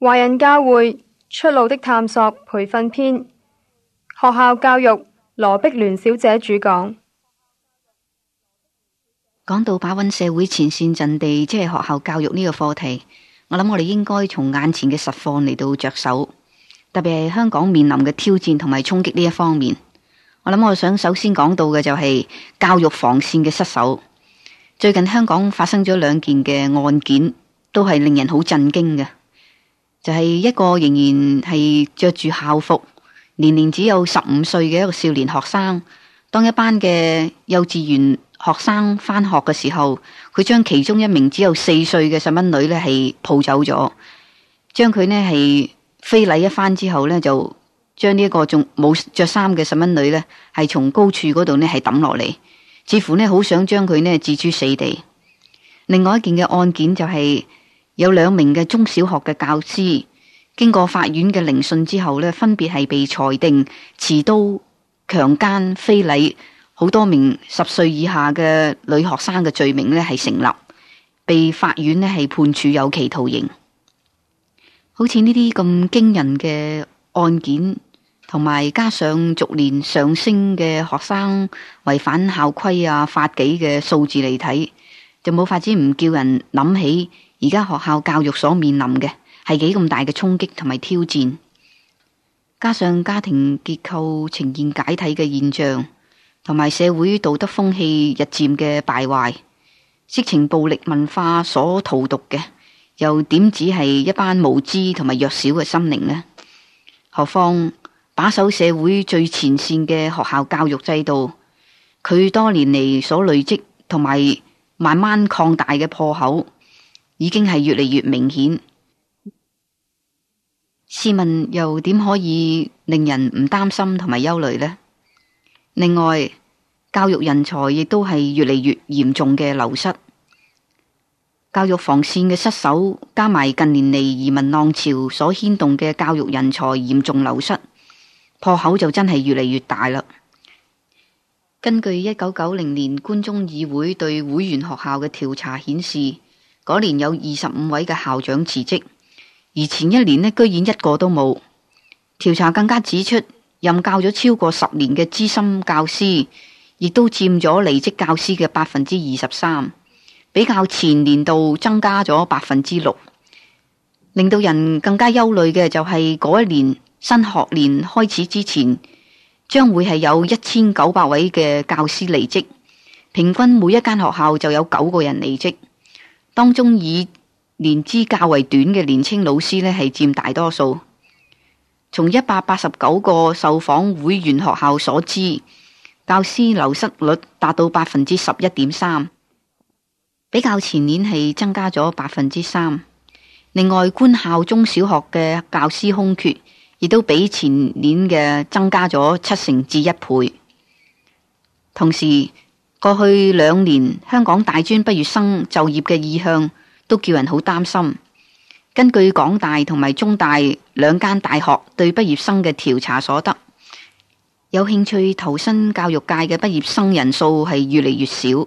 華人教會出路的探索培訓篇，學校教育，羅碧聯小姐主講。講到把穩社會前線陣地，即係學校教育呢個課題，我諗我哋應該從眼前嘅實況嚟到着手，特別係香港面臨嘅挑戰同埋衝擊呢一方面。我諗我想首先講到嘅就係教育防線嘅失守。最近香港發生咗兩件嘅案件，都係令人好震驚嘅。就係一個仍然係着住校服、年年只有十五歲嘅一個少年學生，當一班嘅幼稚園學生返學嘅時候，佢將其中一名只有四歲嘅細蚊女呢係抱走咗，將佢呢係非禮一番之後呢，就將呢一個仲冇着衫嘅細蚊女呢係從高處嗰度呢係抌落嚟，似乎呢好想將佢呢置諸死地。另外一件嘅案件就係、是。有兩名嘅中小學嘅教師，經過法院嘅聆訊之後呢，分別係被裁定持刀、強姦、非禮好多名十歲以下嘅女學生嘅罪名呢係成立，被法院呢係判處有期徒刑。好似呢啲咁驚人嘅案件，同埋加上逐年上升嘅學生違反校規啊、法紀嘅數字嚟睇，就冇法子唔叫人諗起。而家學校教育所面臨嘅係幾咁大嘅衝擊同埋挑戰，加上家庭結構呈現解體嘅現象，同埋社會道德風氣日漸嘅敗壞，色情暴力文化所荼毒嘅，又點止係一班無知同埋弱小嘅心靈呢？何況把守社會最前綫嘅學校教育制度，佢多年嚟，所累積同埋慢慢擴大嘅破口已經係越嚟越明顯，試問又點可以令人唔擔心同埋憂慮呢？另外，教育人才亦都係越嚟越嚴重嘅流失，教育防線嘅失守，加埋近年嚟移民浪潮所牽動嘅教育人才嚴重流失，破口就真係越嚟越大啦。根據一九九零年觀中議會對會員學校嘅調查顯示。嗰年有二十五位嘅校長辭職，而前一年呢，居然一個都冇。調查更加指出，任教咗超過十年嘅資深教師，亦都佔咗離職教師嘅百分之二十三，比較前年度增加咗百分之六。令到人更加憂慮嘅就係嗰一年新學年開始之前，將會係有一千九百位嘅教師離職，平均每一間學校就有九個人離職。當中以年資較為短嘅年青老師咧，係占大多數。從一百八十九個受訪會員學校所知，教師流失率達到百分之十一點三，比較前年係增加咗百分之三。另外，官校中小學嘅教師空缺，亦都比前年嘅增加咗七成至一倍。同時，過去兩年，香港大專畢業生就業嘅意向都叫人好擔心。根據港大同埋中大兩間大學對畢業生嘅調查所得，有興趣投身教育界嘅畢業生人數係越嚟越少。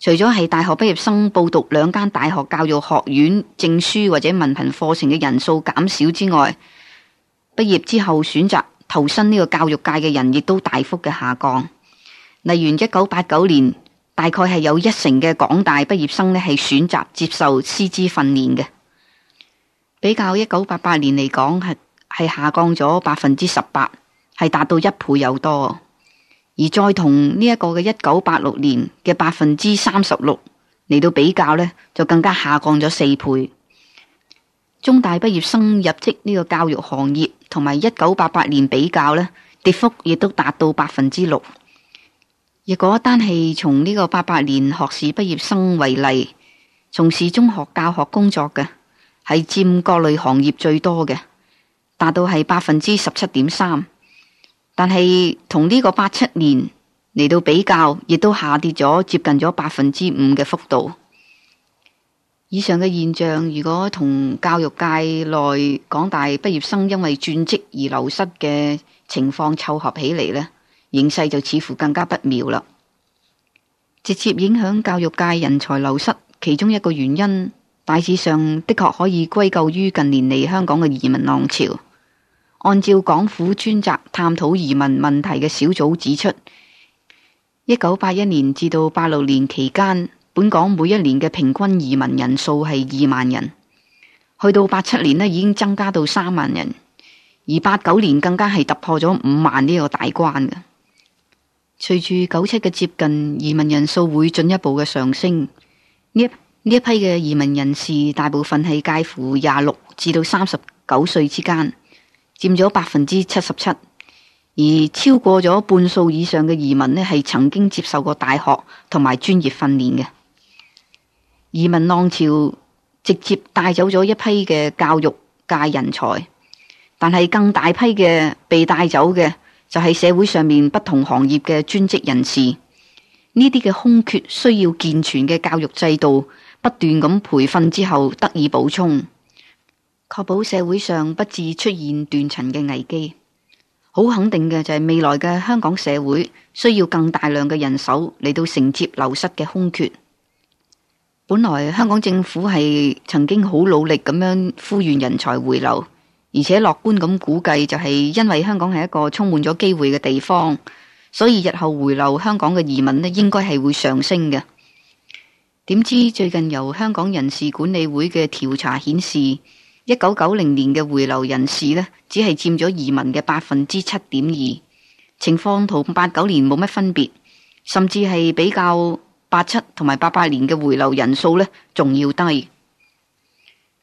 除咗係大學畢業生報讀兩間大學教育學院證書或者文憑課程嘅人數減少之外，畢業之後選擇投身呢個教育界嘅人亦都大幅嘅下降。例如，一九八九年大概係有一成嘅港大畢業生呢係選擇接受師資訓練嘅。比較一九八八年嚟講，係係下降咗百分之十八，係達到一倍有多。而再同呢一個嘅一九八六年嘅百分之三十六嚟到比較呢，就更加下降咗四倍。中大畢業生入職呢個教育行業，同埋一九八八年比較呢，跌幅亦都達到百分之六。如果單係從呢個八八年學士畢業生為例，從事中學教學工作嘅，係佔各類行業最多嘅，達到係百分之十七點三。但係同呢個八七年嚟到比較，亦都下跌咗接近咗百分之五嘅幅度。以上嘅現象，如果同教育界內港大畢業生因為轉職而流失嘅情況湊合起嚟呢，形勢就似乎更加不妙啦，直接影響教育界人才流失。其中一個原因，大致上的確可以歸咎於近年嚟香港嘅移民浪潮。按照港府專責探討移民問題嘅小組指出，一九八一年至到八六年期間，本港每一年嘅平均移民人數係二萬人，去到八七年呢，已經增加到三萬人，而八九年更加係突破咗五萬呢個大關嘅。隨住九七嘅接近，移民人數會進一步嘅上升。呢一,一批嘅移民人士，大部分係介乎廿六至到三十九歲之間，佔咗百分之七十七。而超過咗半數以上嘅移民呢，係曾經接受過大學同埋專業訓練嘅。移民浪潮直接帶走咗一批嘅教育界人才，但係更大批嘅被帶走嘅。就係社會上面不同行業嘅專職人士，呢啲嘅空缺需要健全嘅教育制度不斷咁培訓之後得以補充，確保社會上不致出現斷層嘅危機。好肯定嘅就係未來嘅香港社會需要更大量嘅人手嚟到承接流失嘅空缺。本來香港政府係曾經好努力咁樣呼籲人才回流。而且樂觀咁估計，就係因為香港係一個充滿咗機會嘅地方，所以日後回流香港嘅移民呢，應該係會上升嘅。點知最近由香港人事管理會嘅調查顯示，一九九零年嘅回流人士呢，只係佔咗移民嘅百分之七點二，情況同八九年冇乜分別，甚至係比較八七同埋八八年嘅回流人數呢，仲要低。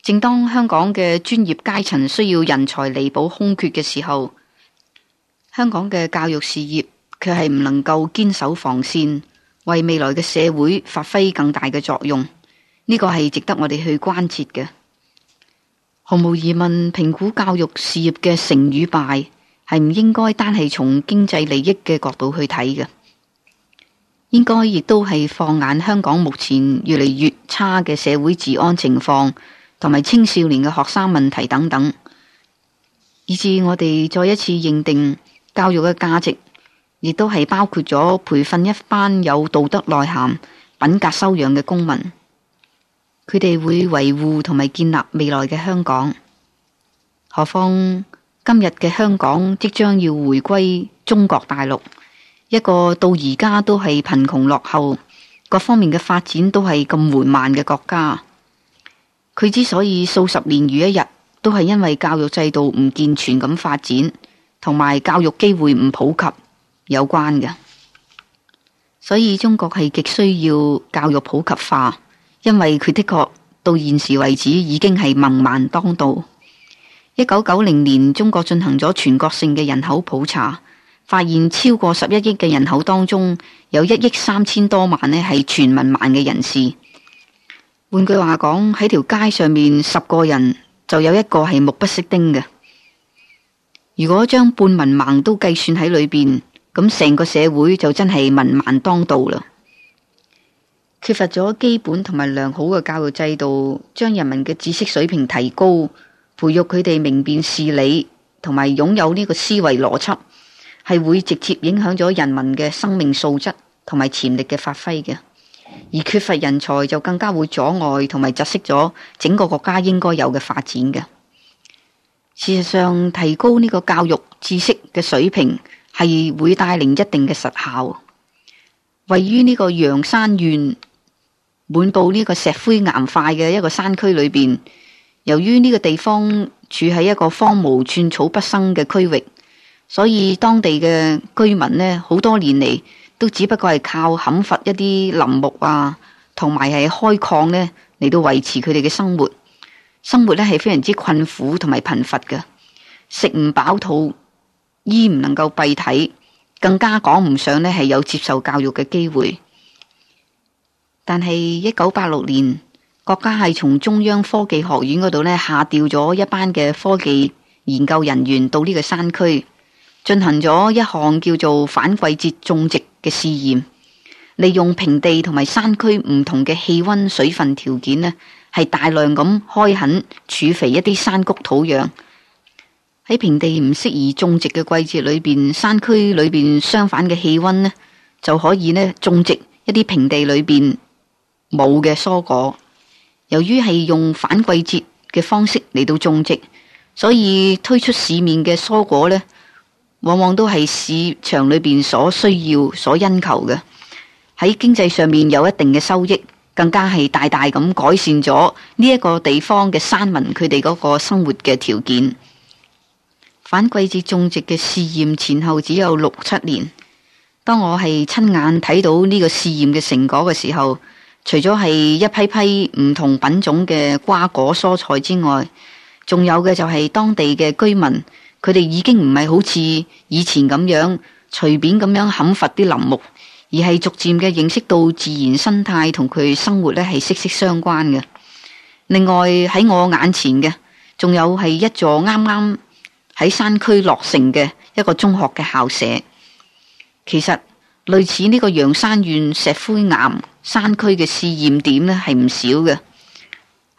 正當香港嘅專業階層需要人才彌補空缺嘅時候，香港嘅教育事業卻係唔能夠堅守防線，為未來嘅社會發揮更大嘅作用。呢個係值得我哋去關切嘅。毫無疑問，評估教育事業嘅成與敗，係唔應該單係從經濟利益嘅角度去睇嘅，應該亦都係放眼香港目前越嚟越差嘅社會治安情況。同埋青少年嘅學生問題等等，以至我哋再一次認定教育嘅價值，亦都係包括咗培訓一班有道德內涵、品格修養嘅公民。佢哋會維護同埋建立未來嘅香港。何況今日嘅香港即將要回歸中國大陸，一個到而家都係貧窮落後、各方面嘅發展都係咁緩慢嘅國家。佢之所以數十年如一日，都係因為教育制度唔健全咁發展，同埋教育機會唔普及有關嘅。所以中國係極需要教育普及化，因為佢的確到現時為止已經係文盲當道。一九九零年中國進行咗全國性嘅人口普查，發現超過十一億嘅人口當中，有一億三千多萬呢係全民盲嘅人士。換句話講，喺條街上面十個人就有一個係目不識丁嘅。如果將半文盲都計算喺裏邊，咁成個社會就真係文盲當道啦。缺乏咗基本同埋良好嘅教育制度，將人民嘅知識水平提高，培育佢哋明辨事理同埋擁有呢個思維邏輯，係會直接影響咗人民嘅生命素質同埋潛力嘅發揮嘅。而缺乏人才就更加會阻礙同埋窒息咗整個國家應該有嘅發展嘅。事實上，提高呢個教育知識嘅水平係會帶嚟一定嘅實效。位於呢個陽山縣滿佈呢個石灰岩塊嘅一個山區裏邊，由於呢個地方處喺一個荒蕪寸草不生嘅區域，所以當地嘅居民呢，好多年嚟，都只不過係靠砍伐一啲林木啊，同埋係開礦呢嚟到維持佢哋嘅生活，生活呢係非常之困苦同埋貧乏嘅，食唔飽肚，衣唔能夠蔽體，更加講唔上呢係有接受教育嘅機會。但係一九八六年，國家係從中央科技學院嗰度呢下調咗一班嘅科技研究人員到呢個山區，進行咗一項叫做反季節種植嘅試驗，利用平地同埋山區唔同嘅氣溫、水分條件呢係大量咁開墾、儲肥一啲山谷土壤。喺平地唔適宜種植嘅季節裏邊，山區裏邊相反嘅氣溫呢就可以呢種植一啲平地裏邊冇嘅蔬果。由於係用反季節嘅方式嚟到種植，所以推出市面嘅蔬果呢。往往都係市場裏邊所需要、所因求嘅，喺經濟上面有一定嘅收益，更加係大大咁改善咗呢一個地方嘅山民佢哋嗰個生活嘅條件。反季節種植嘅試驗前後只有六七年，當我係親眼睇到呢個試驗嘅成果嘅時候，除咗係一批批唔同品種嘅瓜果蔬菜之外，仲有嘅就係當地嘅居民。佢哋已經唔係好似以前咁樣隨便咁樣砍伐啲林木，而係逐漸嘅認識到自然生態同佢生活呢係息息相關嘅。另外喺我眼前嘅，仲有係一座啱啱喺山區落成嘅一個中學嘅校舍。其實類似呢個陽山縣石灰岩山區嘅試驗點呢，係唔少嘅。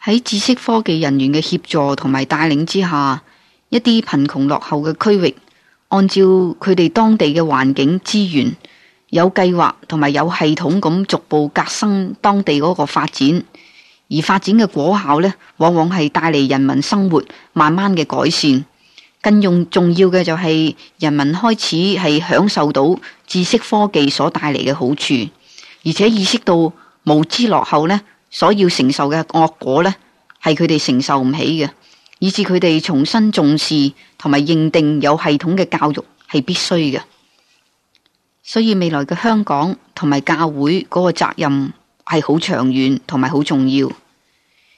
喺知識科技人員嘅協助同埋帶領之下。一啲貧窮落後嘅區域，按照佢哋當地嘅環境資源，有計劃同埋有系統咁逐步革新當地嗰個發展，而發展嘅果效呢，往往係帶嚟人民生活慢慢嘅改善，更用重要嘅就係人民開始係享受到知識科技所帶嚟嘅好處，而且意識到無知落後呢，所要承受嘅惡果呢，係佢哋承受唔起嘅。以至佢哋重新重視同埋認定有系統嘅教育係必須嘅，所以未來嘅香港同埋教會嗰個責任係好長遠同埋好重要。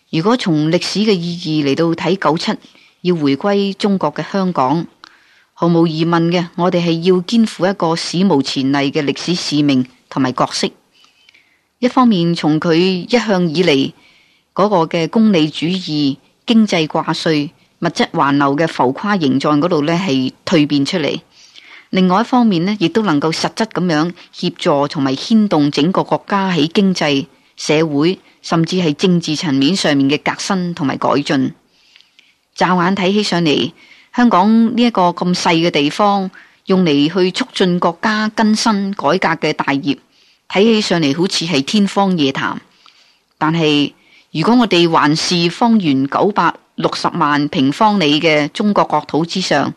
如果從歷史嘅意義嚟到睇，九七要回歸中國嘅香港，毫無疑問嘅，我哋係要肩負一個史無前例嘅歷史使命同埋角色。一方面，從佢一向以嚟嗰、那個嘅功利主義。經濟掛稅，物質環流嘅浮誇形狀嗰度呢係蛻變出嚟。另外一方面呢，亦都能夠實質咁樣協助同埋牽動整個國家喺經濟、社會甚至係政治層面上面嘅革新同埋改進。乍眼睇起上嚟，香港呢一個咁細嘅地方，用嚟去促進國家更新改革嘅大業，睇起上嚟好似係天方夜譚，但係。如果我哋還是方圓九百六十萬平方里嘅中國國土之上，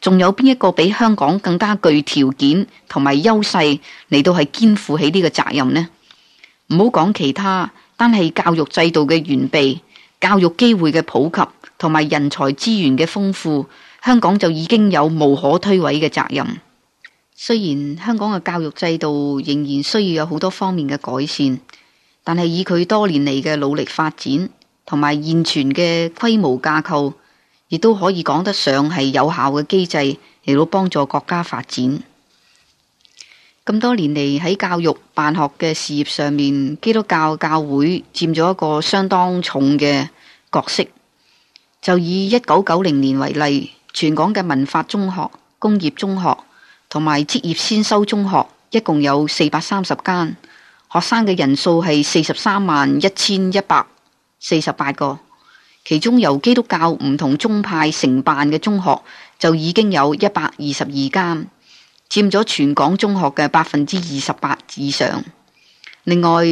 仲有邊一個比香港更加具條件同埋優勢嚟到係肩負起呢個責任呢？唔好講其他，單係教育制度嘅完備、教育機會嘅普及同埋人才資源嘅豐富，香港就已經有無可推諉嘅責任。雖然香港嘅教育制度仍然需要有好多方面嘅改善。但係以佢多年嚟嘅努力發展，同埋現存嘅規模架構，亦都可以講得上係有效嘅機制，嚟到幫助國家發展。咁多年嚟喺教育辦學嘅事業上面，基督教教會佔咗一個相當重嘅角色。就以一九九零年為例，全港嘅文法中學、工業中學同埋職業先修中學一共有四百三十間。學生嘅人數係四十三萬一千一百四十八個，其中由基督教唔同宗派承辦嘅中學就已經有一百二十二間，佔咗全港中學嘅百分之二十八以上。另外，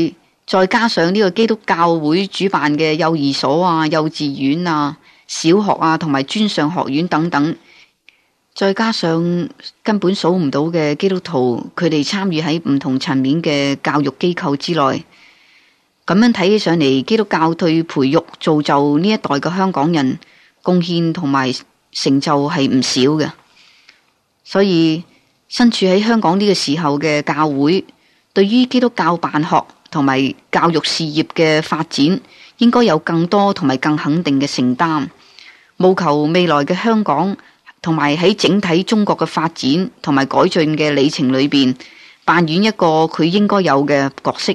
再加上呢個基督教會主辦嘅幼兒所啊、幼稚園啊、小學啊，同埋專上學院等等。再加上根本數唔到嘅基督徒，佢哋參與喺唔同層面嘅教育機構之內，咁樣睇起上嚟，基督教對培育造就呢一代嘅香港人貢獻同埋成就係唔少嘅。所以身處喺香港呢個時候嘅教會，對於基督教辦學同埋教育事業嘅發展，應該有更多同埋更肯定嘅承擔，務求未來嘅香港同埋喺整體中國嘅發展同埋改進嘅里程裏邊，扮演一個佢應該有嘅角色，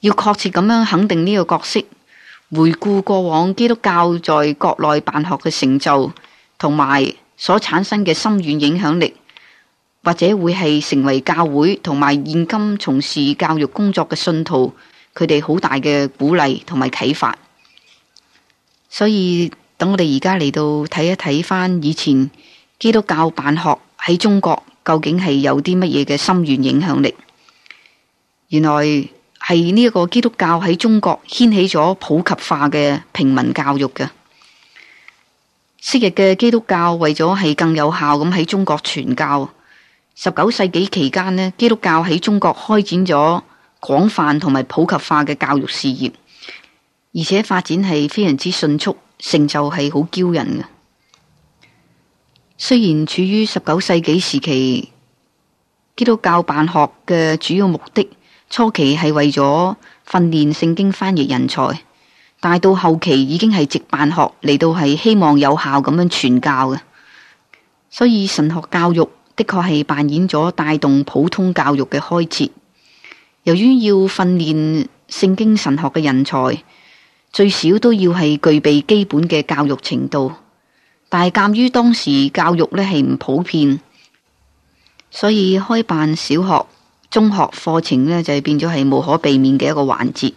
要確切咁樣肯定呢個角色。回顧過往基督教在國內辦學嘅成就，同埋所產生嘅深遠影響力，或者會係成為教會同埋現今從事教育工作嘅信徒，佢哋好大嘅鼓勵同埋啟發。所以。等我哋而家嚟到睇一睇翻以前基督教辦學喺中國究竟係有啲乜嘢嘅深遠影響力？原來係呢一個基督教喺中國掀起咗普及化嘅平民教育嘅。昔日嘅基督教為咗係更有效咁喺中國傳教，十九世紀期間呢，基督教喺中國開展咗廣泛同埋普及化嘅教育事業，而且發展係非常之迅速。成就係好驕人嘅，雖然處於十九世紀時期，基督教辦學嘅主要目的初期係為咗訓練聖經翻譯人才，但係到後期已經係直辦學嚟到係希望有效咁樣傳教嘅，所以神學教育的確係扮演咗帶動普通教育嘅開設。由於要訓練聖經神學嘅人才，最少都要係具備基本嘅教育程度，但係鑒於當時教育呢係唔普遍，所以開辦小學、中學課程呢就係變咗係無可避免嘅一個環節。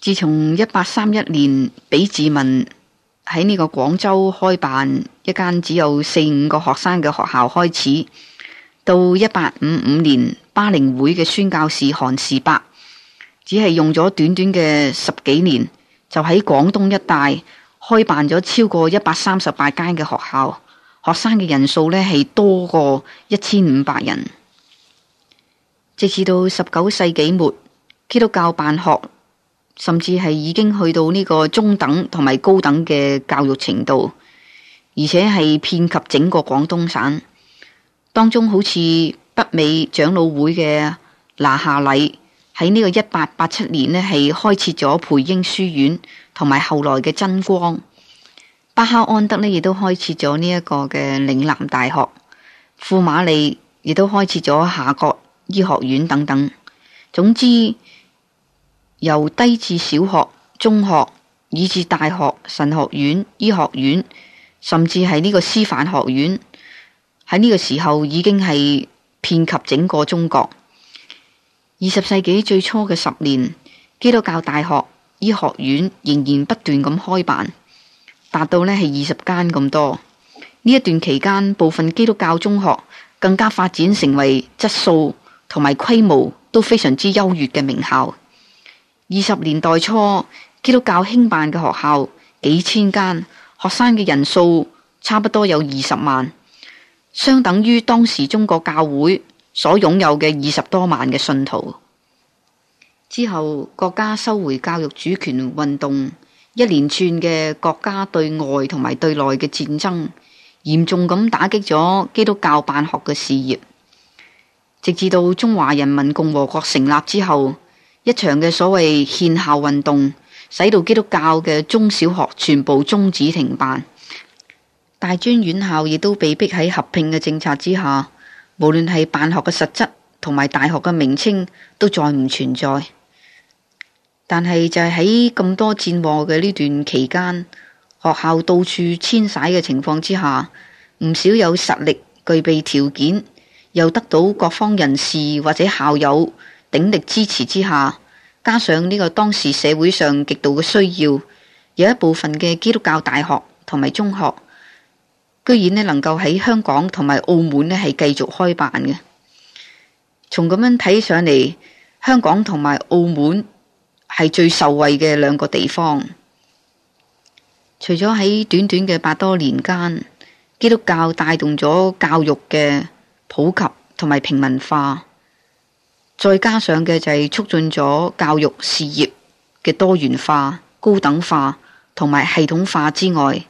自從一八三一年，裨治文喺呢個廣州開辦一間只有四五個學生嘅學校開始，到一八五五年，巴陵會嘅宣教士韓士伯。只係用咗短短嘅十幾年，就喺廣東一帶開辦咗超過一百三十八間嘅學校，學生嘅人數呢係多過一千五百人。直至到十九世紀末，基督教辦學甚至係已經去到呢個中等同埋高等嘅教育程度，而且係遍及整個廣東省。當中好似北美長老會嘅那夏禮，喺呢個一八八七年呢，係開設咗培英書院，同埋後來嘅真光。哈巴安德呢，亦都開設咗呢一個嘅嶺南大學。富馬利亦都開設咗夏國醫學院等等。總之，由低至小學、中學，以至大學、神學院、醫學院，甚至係呢個師範學院，喺呢個時候已經係遍及整個中國。二十世紀最初嘅十年，基督教大學醫學院仍然不斷咁開辦，達到呢係二十間咁多。呢一段期間，部分基督教中學更加發展成為質素同埋規模都非常之優越嘅名校。二十年代初，基督教興辦嘅學校幾千間，學生嘅人數差不多有二十萬，相等於當時中國教會，所擁有嘅二十多萬嘅信徒，之後國家收回教育主權運動，一連串嘅國家對外同埋對內嘅戰爭，嚴重咁打擊咗基督教辦學嘅事業。直至到中華人民共和國成立之後，一場嘅所謂獻校運動，使到基督教嘅中小學全部終止停辦，大專院校亦都被迫喺合併嘅政策之下。無論係辦學嘅實質同埋大學嘅名稱都再唔存在，但係就係喺咁多戰禍嘅呢段期間，學校到處遷徙嘅情況之下，唔少有實力、具備條件又得到各方人士或者校友鼎力支持之下，加上呢個當時社會上極度嘅需要，有一部分嘅基督教大學同埋中學。居然呢能夠喺香港同埋澳門呢係繼續開辦嘅，從咁樣睇上嚟，香港同埋澳門係最受惠嘅兩個地方。除咗喺短短嘅百多年間，基督教帶動咗教育嘅普及同埋平民化，再加上嘅就係促進咗教育事業嘅多元化、高等化同埋系統化之外，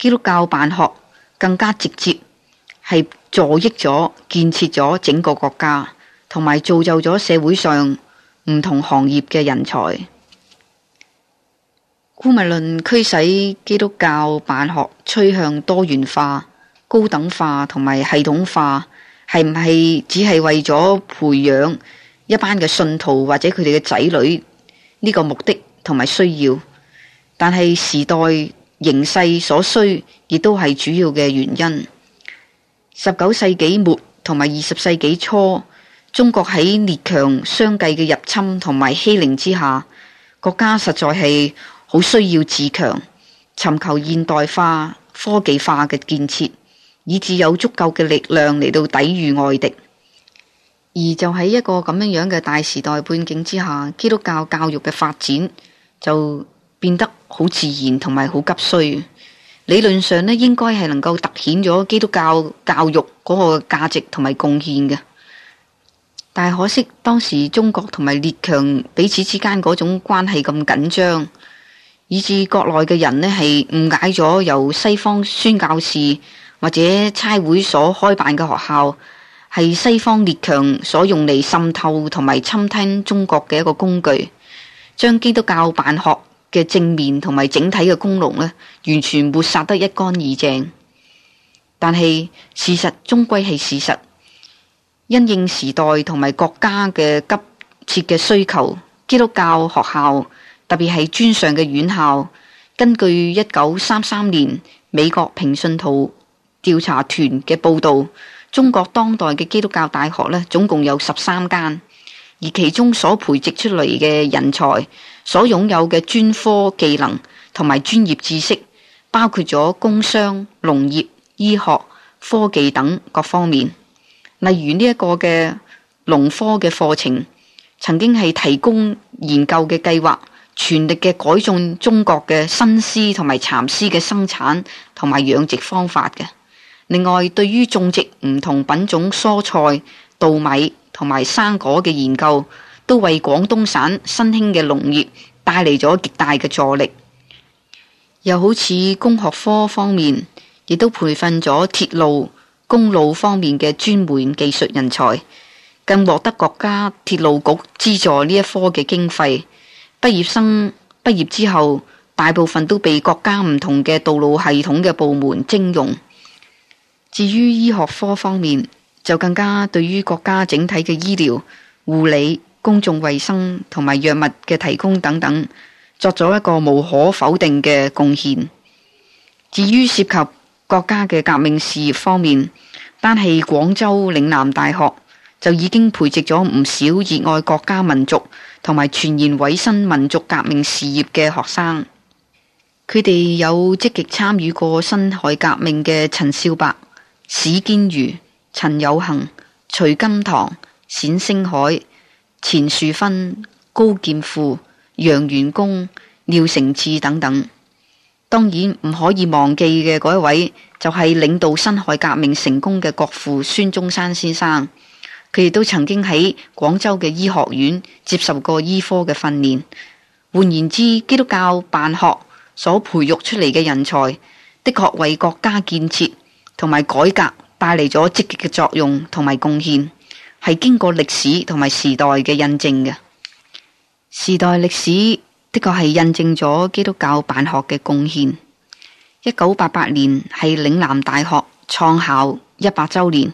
基督教辦學。更加直接係助益咗建設咗整個國家，同埋造就咗社會上唔同行業嘅人才。姑勿論驅使基督教辦學趨向多元化、高等化同埋系統化，係唔係只係為咗培養一班嘅信徒或者佢哋嘅仔女呢個目的同埋需要？但係時代。形勢所需，亦都係主要嘅原因。十九世紀末同埋二十世紀初，中國喺列強相繼嘅入侵同埋欺凌之下，國家實在係好需要自強，尋求現代化、科技化嘅建設，以至有足夠嘅力量嚟到抵御外敵。而就喺一個咁樣樣嘅大時代背景之下，基督教教育嘅發展就。變得好自然，同埋好急需。理論上咧，應該係能夠凸顯咗基督教教育嗰個價值同埋貢獻嘅。但係可惜當時中國同埋列強彼此之間嗰種關係咁緊張，以致國內嘅人咧係誤解咗由西方宣教士或者差會所開辦嘅學校係西方列強所用嚟滲透同埋侵吞中國嘅一個工具，將基督教辦學。嘅正面同埋整體嘅功勞咧，完全抹殺得一乾二淨。但係事實終歸係事實，因應時代同埋國家嘅急切嘅需求，基督教學校特別係專上嘅院校，根據一九三三年美國平信徒調查團嘅報道，中國當代嘅基督教大學咧，總共有十三間，而其中所培植出嚟嘅人才，所擁有嘅專科技能同埋專業知識，包括咗工商、農業、醫學、科技等各方面。例如呢一個嘅農科嘅課程，曾經係提供研究嘅計劃，全力嘅改進中國嘅新絲同埋蠶絲嘅生產同埋養殖方法嘅。另外，對於種植唔同品種蔬菜、稻米同埋生果嘅研究。都為廣東省新興嘅農業帶嚟咗極大嘅助力，又好似工學科方面，亦都培訓咗鐵路、公路方面嘅專門技術人才，更獲得國家鐵路局資助呢一科嘅經費。畢業生畢業之後，大部分都被國家唔同嘅道路系統嘅部門徵用。至於醫學科方面，就更加對於國家整體嘅醫療護理，公眾衛生同埋藥物嘅提供等等，作咗一個無可否定嘅貢獻。至於涉及國家嘅革命事業方面，單係廣州嶺南大學就已經培植咗唔少熱愛國家民族同埋全然獻身民族革命事業嘅學生。佢哋有積極參與過辛亥革命嘅陳少白、史堅如、陳有恒、徐金堂、冼星海。錢樹芬、高劍父、楊元功、廖承志等等，當然唔可以忘記嘅嗰一位就係領導辛亥革命成功嘅國父孫中山先生。佢亦都曾經喺廣州嘅醫學院接受過醫科嘅訓練。換言之，基督教辦學所培育出嚟嘅人才，的確為國家建設同埋改革帶嚟咗積極嘅作用同埋貢獻。係經過歷史同埋時代嘅印證嘅，時代歷史的確係印證咗基督教辦學嘅貢獻。一九八八年係嶺南大學創校一百周年，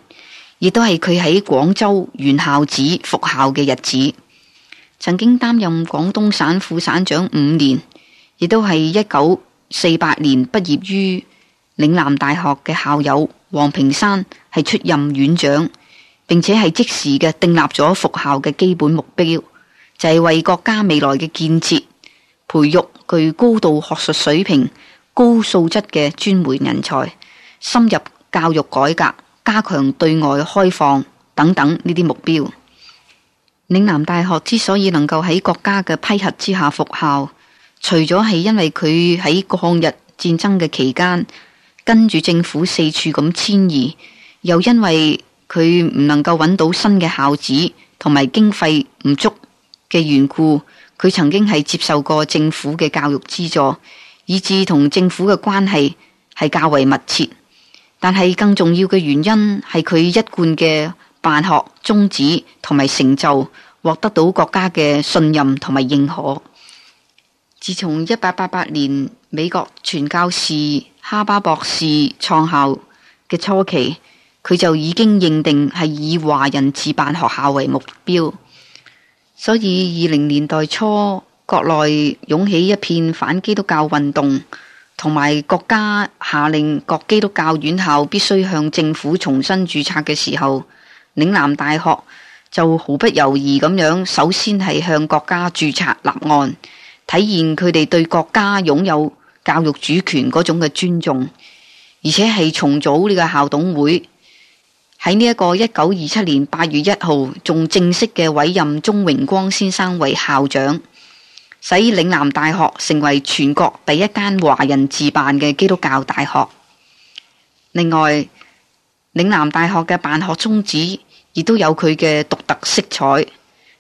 亦都係佢喺廣州原校址復校嘅日子。曾經擔任廣東省副省長五年，亦都係一九四八年畢業於嶺南大學嘅校友黃平山係出任院長。並且係即時嘅訂立咗復校嘅基本目標，就係、是、為國家未來嘅建設培育具高度學術水平、高素質嘅專門人才，深入教育改革，加強對外開放等等呢啲目標。嶺南大學之所以能夠喺國家嘅批核之下復校，除咗係因為佢喺抗日戰爭嘅期間跟住政府四處咁遷移，又因為，佢唔能夠揾到新嘅校址，同埋經費唔足嘅緣故，佢曾經係接受過政府嘅教育資助，以至同政府嘅關係係較為密切。但係更重要嘅原因係佢一貫嘅辦學宗旨同埋成就，獲得到國家嘅信任同埋認可。自從一八八八年美國傳教士哈巴博士創校嘅初期。佢就已經認定係以華人自辦學校為目標，所以二零年代初國內湧起一片反基督教運動，同埋國家下令各基督教院校必須向政府重新注冊嘅時候，嶺南大學就毫不猶豫咁樣，首先係向國家注冊立案，體現佢哋對國家擁有教育主權嗰種嘅尊重，而且係重組呢個校董會。喺呢一個一九二七年八月一號，仲正式嘅委任鍾榮光先生為校長，使嶺南大學成為全國第一間華人自辦嘅基督教大學。另外，嶺南大學嘅辦學宗旨亦都有佢嘅獨特色彩。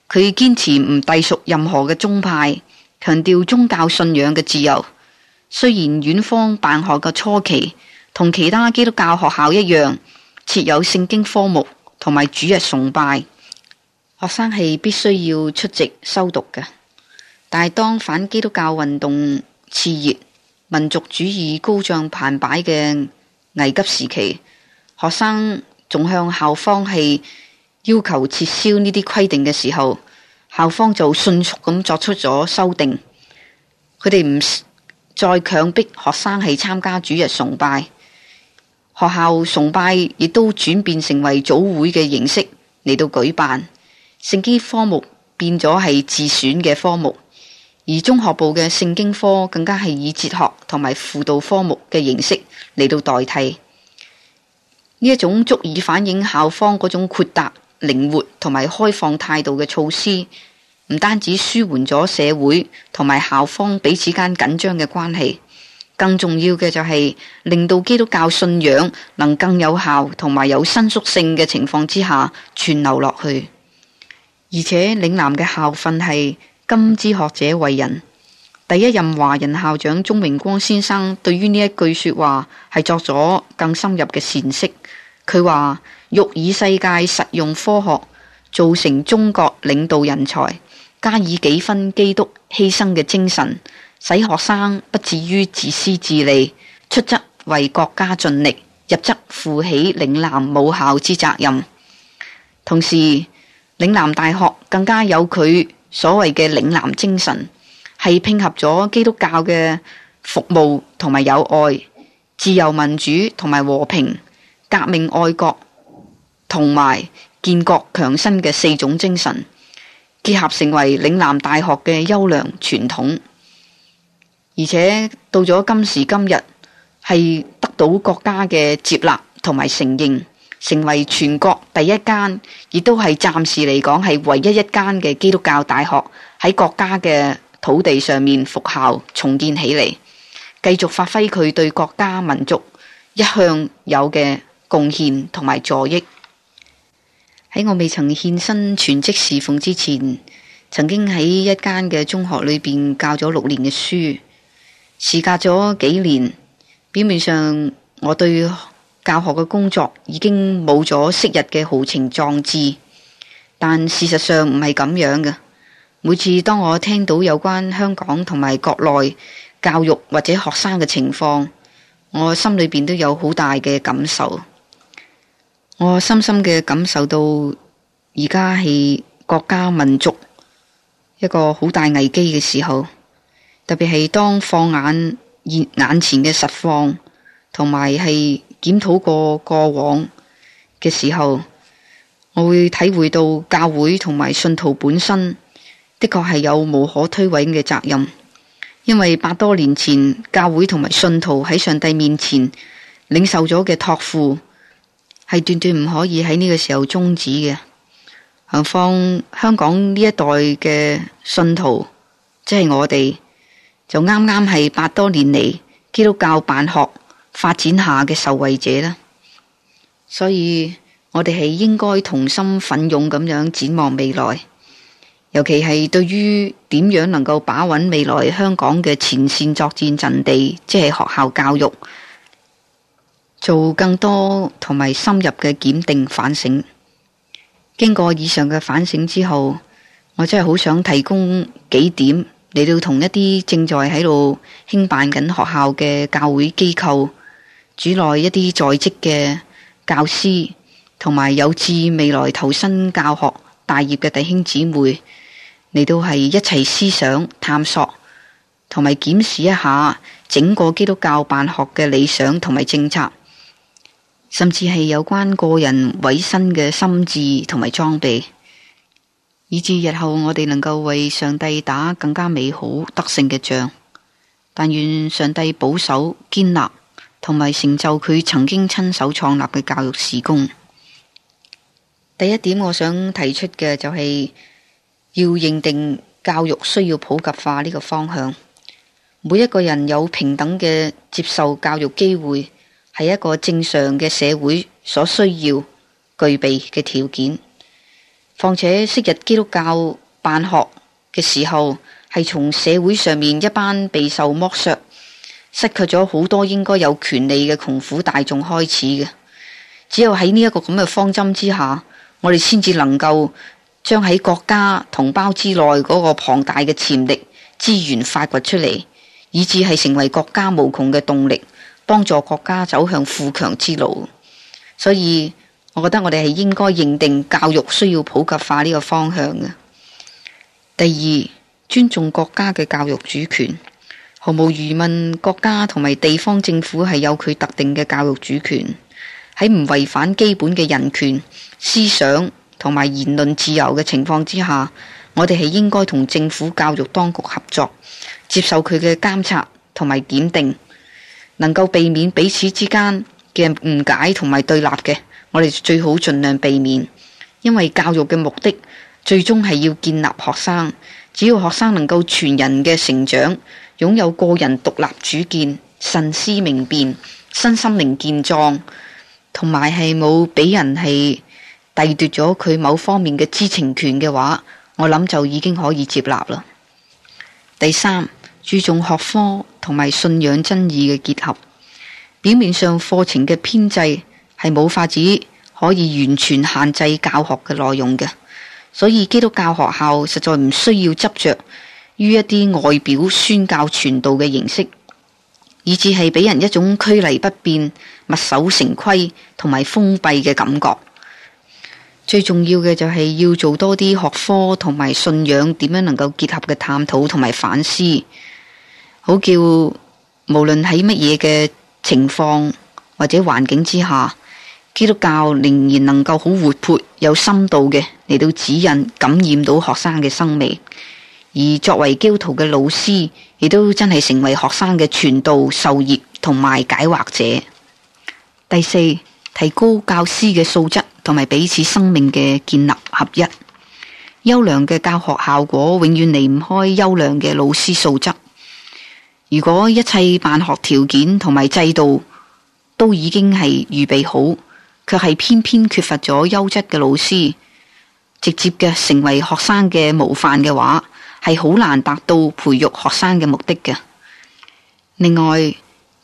佢堅持唔隸屬任何嘅宗派，強調宗教信仰嘅自由。雖然院方辦學嘅初期同其他基督教學校一樣。設有聖經科目同埋主日崇拜，學生係必須要出席修讀嘅。但係當反基督教運動熾熱、民族主義高漲、澎湃嘅危急時期，學生仲向校方係要求撤銷呢啲規定嘅時候，校方就迅速咁作出咗修訂，佢哋唔再強迫學生係參加主日崇拜。學校崇拜亦都轉變成為組會嘅形式嚟到舉辦，聖經科目變咗係自選嘅科目，而中學部嘅聖經科更加係以哲學同埋輔導科目嘅形式嚟到代替。呢一種足以反映校方嗰種豁達、靈活同埋開放態度嘅措施，唔單止舒緩咗社會同埋校方彼此間緊張嘅關係。更重要嘅就係、是、令到基督教信仰能更有效同埋有伸縮性嘅情況之下存留落去，而且嶺南嘅校訓係“今之學者為人”。第一任華人校長鍾榮光先生對於呢一句說話係作咗更深入嘅闡釋，佢話：欲以世界實用科學造成中國領導人才，加以幾分基督犧牲嘅精神。使學生不至於自私自利，出則為國家盡力，入則負起嶺南母校之責任。同時，嶺南大學更加有佢所謂嘅嶺南精神，係拼合咗基督教嘅服務同埋友愛、自由民主同埋和平、革命愛國同埋建國強身嘅四種精神，結合成為嶺南大學嘅優良傳統。而且到咗今時今日，係得到國家嘅接納同埋承認，成為全國第一間，亦都係暫時嚟講係唯一一間嘅基督教大學喺國家嘅土地上面復校重建起嚟，繼續發揮佢對國家民族一向有嘅貢獻同埋助益。喺我未曾獻身全職侍奉之前，曾經喺一間嘅中學裏邊教咗六年嘅書。事隔咗幾年，表面上我對教學嘅工作已經冇咗昔日嘅豪情壯志，但事實上唔係咁樣嘅。每次當我聽到有關香港同埋國內教育或者學生嘅情況，我心裏邊都有好大嘅感受。我深深嘅感受到，而家係國家民族一個好大危機嘅時候。特別係當放眼眼前嘅實況，同埋係檢討過過往嘅時候，我會體會到教會同埋信徒本身的確係有無可推諉嘅責任，因為百多年前教會同埋信徒喺上帝面前領受咗嘅託付，係斷斷唔可以喺呢個時候終止嘅。何況香港呢一代嘅信徒，即係我哋，就啱啱係百多年嚟，基督教辦學發展下嘅受惠者啦，所以我哋係應該同心奮勇咁樣展望未來，尤其係對於點樣能夠把穩未來香港嘅前線作戰陣地，即係學校教育，做更多同埋深入嘅檢定反省。經過以上嘅反省之後，我真係好想提供幾點。嚟到同一啲正在喺度興辦緊學校嘅教會機構，主內一啲在職嘅教師，同埋有志未來投身教學大業嘅弟兄姊妹，嚟到係一齊思想、探索，同埋檢視一下整個基督教辦學嘅理想同埋政策，甚至係有關個人委身嘅心智同埋裝備。以至日後我哋能夠為上帝打更加美好得勝嘅仗，但願上帝保守、堅立同埋成就佢曾經親手創立嘅教育事工。第一點，我想提出嘅就係要認定教育需要普及化呢個方向。每一個人有平等嘅接受教育機會，係一個正常嘅社會所需要具備嘅條件。況且昔日基督教辦學嘅時候，係從社會上面一班備受剝削、失去咗好多應該有權利嘅窮苦大眾開始嘅。只有喺呢一個咁嘅方針之下，我哋先至能夠將喺國家同胞之內嗰個龐大嘅潛力資源發掘出嚟，以至係成為國家無窮嘅動力，幫助國家走向富強之路。所以。我覺得我哋係應該認定教育需要普及化呢個方向嘅。第二，尊重國家嘅教育主權，毫無疑問，國家同埋地方政府係有佢特定嘅教育主權。喺唔違反基本嘅人權、思想同埋言論自由嘅情況之下，我哋係應該同政府教育當局合作，接受佢嘅監察同埋檢定，能夠避免彼此之間嘅誤解同埋對立嘅。我哋最好盡量避免，因為教育嘅目的最終係要建立學生，只要學生能夠全人嘅成長，擁有個人獨立主見、慎思明辨、身心靈健壯，同埋係冇俾人係剝奪咗佢某方面嘅知情權嘅話，我諗就已經可以接納啦。第三，注重學科同埋信仰真義嘅結合，表面上課程嘅編制。係冇法子可以完全限制教學嘅內容嘅，所以基督教學校實在唔需要執着於一啲外表宣教傳道嘅形式，以致係俾人一種拘泥不變、墨守成規同埋封閉嘅感覺。最重要嘅就係要做多啲學科同埋信仰點樣能夠結合嘅探討同埋反思，好叫無論喺乜嘢嘅情況或者環境之下。基督教仍然能夠好活潑、有深度嘅嚟到指引、感染到學生嘅生命。而作為基督徒嘅老師，亦都真係成為學生嘅傳道、授業同埋解惑者。第四，提高教師嘅素質，同埋彼此生命嘅建立合一。優良嘅教學效果永遠離唔開優良嘅老師素質。如果一切辦學條件同埋制度都已經係預備好，卻係偏偏缺乏咗優質嘅老師，直接嘅成為學生嘅模範嘅話，係好難達到培育學生嘅目的嘅。另外，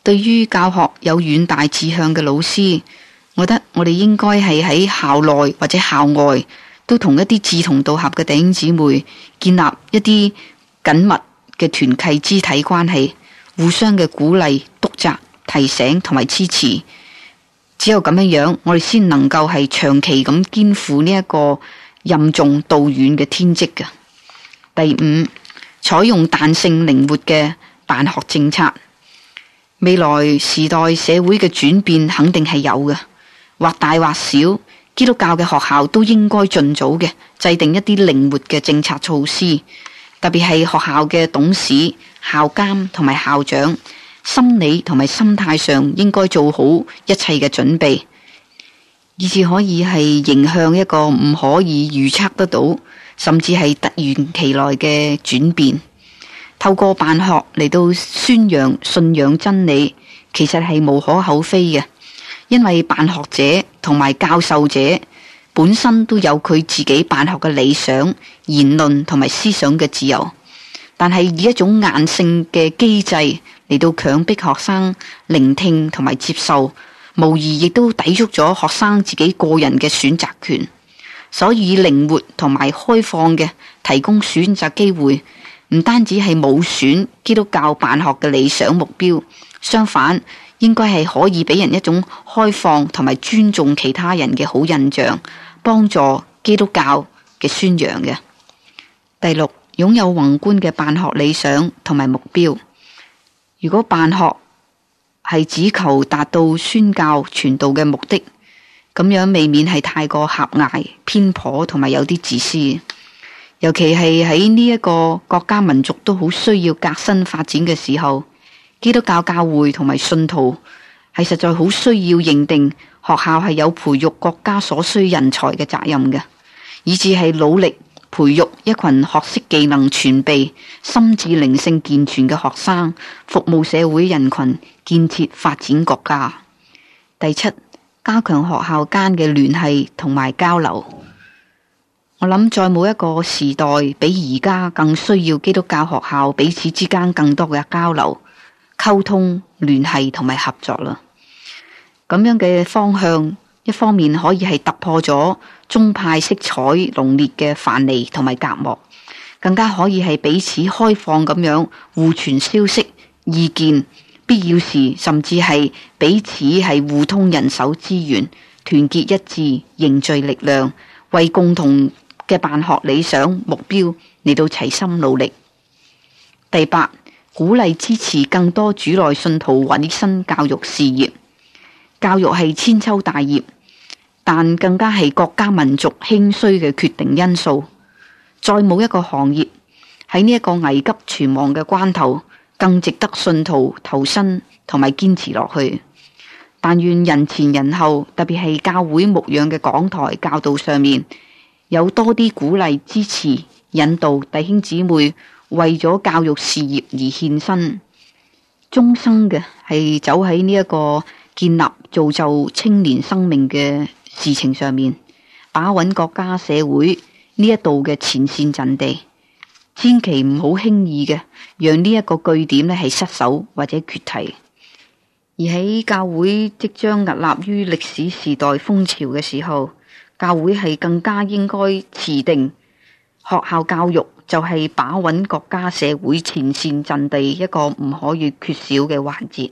對於教學有遠大志向嘅老師，我覺得我哋應該係喺校內或者校外都同一啲志同道合嘅弟兄姊妹建立一啲緊密嘅團契肢體關係，互相嘅鼓勵、督責、提醒同埋支持。只有咁樣樣，我哋先能夠係長期咁肩負呢一個任重道遠嘅天職嘅。第五，採用彈性靈活嘅辦學政策。未來時代社會嘅轉變肯定係有嘅，或大或小，基督教嘅學校都應該盡早嘅制定一啲靈活嘅政策措施，特別係學校嘅董事、校監同埋校長。心理同埋心態上應該做好一切嘅準備，以至可以係迎向一個唔可以預測得到，甚至係突如其來嘅轉變。透過辦學嚟到宣揚信仰真理，其實係無可厚非嘅，因為辦學者同埋教授者本身都有佢自己辦學嘅理想、言論同埋思想嘅自由，但係以一種硬性嘅機制。嚟到強迫學生聆聽同埋接受，無疑亦都抵觸咗學生自己個人嘅選擇權。所以靈活同埋開放嘅提供選擇機會，唔單止係冇損基督教辦學嘅理想目標，相反應該係可以俾人一種開放同埋尊重其他人嘅好印象，幫助基督教嘅宣揚嘅。第六，擁有宏觀嘅辦學理想同埋目標。如果辦學係只求達到宣教傳道嘅目的，咁樣未免係太過狹隘、偏頗，同埋有啲自私。尤其係喺呢一個國家民族都好需要革新發展嘅時候，基督教教會同埋信徒係實在好需要認定學校係有培育國家所需人才嘅責任嘅，以至係努力。培育一群學識技能全備、心智靈性健全嘅學生，服務社會人群，建設發展國家。第七，加強學校間嘅聯繫同埋交流。我諗再冇一個時代比而家更需要基督教學校彼此之間更多嘅交流、溝通、聯繫同埋合作啦。咁樣嘅方向。一方面可以係突破咗宗派色彩濃烈嘅藩籬同埋隔膜，更加可以係彼此開放咁樣互傳消息、意見，必要時甚至係彼此係互通人手資源，團結一致，凝聚力量，為共同嘅辦學理想目標嚟到齊心努力。第八，鼓勵支持更多主內信徒委身教育事業，教育係千秋大業。但更加係國家民族興衰嘅決定因素，再冇一個行業喺呢一個危急存亡嘅關頭，更值得信徒投身同埋堅持落去。但願人前人後，特別係教會牧養嘅講台教導上面，有多啲鼓勵支持、引導弟兄姊妹為咗教育事業而獻身，終生嘅係走喺呢一個建立造就青年生命嘅。事情上面，把穩國家社會呢一度嘅前線陣地，千祈唔好輕易嘅讓呢一個據點咧係失守或者決堤。而喺教會即將屹立於歷史時代風潮嘅時候，教會係更加應該持定，學校教育就係把穩國家社會前線陣地一個唔可以缺少嘅環節。